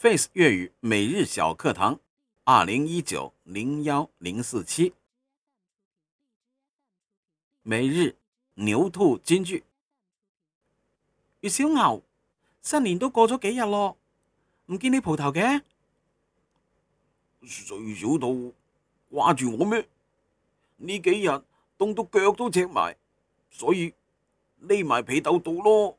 Face 粵語每日小課堂，二零一九零幺零四期。每日牛兔金句。粵小牛，新年都過咗幾日咯，唔見你蒲頭嘅？穗小兔，掛住我咩？呢幾日凍到腳都赤埋，所以匿埋被斗度咯。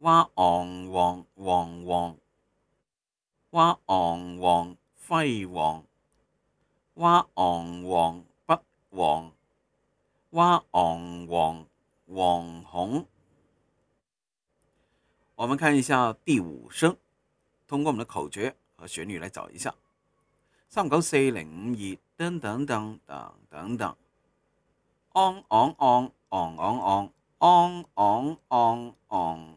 哇！昂！黃黃黃！哇！昂！黃輝煌！哇！昂！黃不黃？哇！昂！黃黃紅。我哋看一下第五聲，通過我哋嘅口訣和旋律嚟找一下三九四零五二，噔噔噔噔噔噔，昂昂昂昂昂昂昂昂昂昂。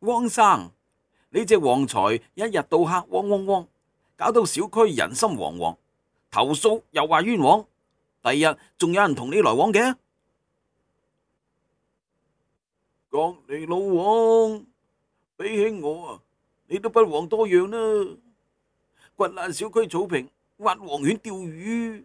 汪生，你隻旺財一日到黑汪汪汪，搞到小區人心惶惶，投訴又話冤枉，第日仲有人同你來往嘅？隔離老王，比起我啊，你都不遑多讓啦，掘爛小區草坪，挖蟥犬釣魚。